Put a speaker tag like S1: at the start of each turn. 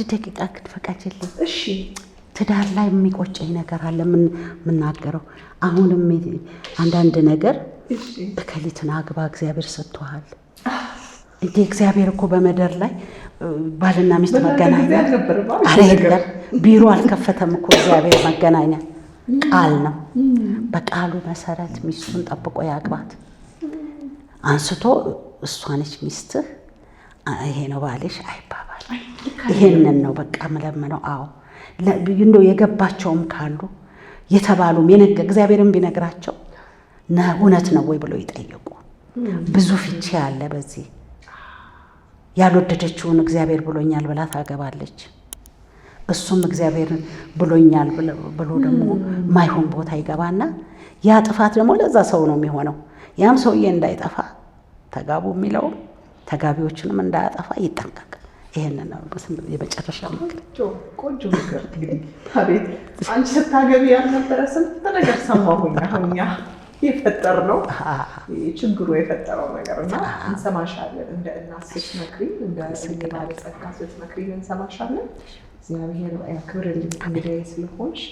S1: አንድ ደቂቃ ክትፈቀጅልኝ። እሺ። ትዳር ላይ የሚቆጨኝ ነገር አለ የምናገረው። አሁንም አንዳንድ ነገር እከሊትን አግባ እግዚአብሔር ሰጥቶሃል እንዴ። እግዚአብሔር እኮ በመደር ላይ ባልና ሚስት መገናኛ አረ የለም፣ ቢሮ አልከፈተም እኮ እግዚአብሔር። መገናኛ ቃል ነው። በቃሉ መሰረት ሚስቱን ጠብቆ ያግባት። አንስቶ እሷ ነች ሚስትህ፣ ይሄ ነው ባልሽ አይባል ይሄንን ነው በቃ ምለምነው። አዎ እንደው የገባቸውም ካሉ የተባሉም የነገ እግዚአብሔርም ቢነግራቸው እውነት ነው ወይ ብሎ ይጠየቁ። ብዙ ፍቺ አለ በዚህ ያልወደደችውን እግዚአብሔር ብሎኛል ብላ ታገባለች። እሱም እግዚአብሔር ብሎኛል ብሎ ደግሞ ማይሆን ቦታ ይገባና ያ ጥፋት ደግሞ ለዛ ሰው ነው የሚሆነው። ያም ሰውዬ እንዳይጠፋ ተጋቡ የሚለውም ተጋቢዎችንም እንዳያጠፋ ይጠንቀቅ። ይሄንን ነው የመጨረሻ ምክር።
S2: ቆንጆ ምክር። እንግዲህ አቤት አንቺ ስታገቢ ያልነበረ ስንት ነገር ሰማሁኝ። አሁኛ የፈጠር ነው ችግሩ የፈጠረው ነገር እና እንሰማሻለን። እንደ እናት ስትመክሪ፣ እንደ ባለጸጋ ስትመክሪ እንሰማሻለን። እግዚአብሔር ክብር እንግዲህ ስለሆንሽ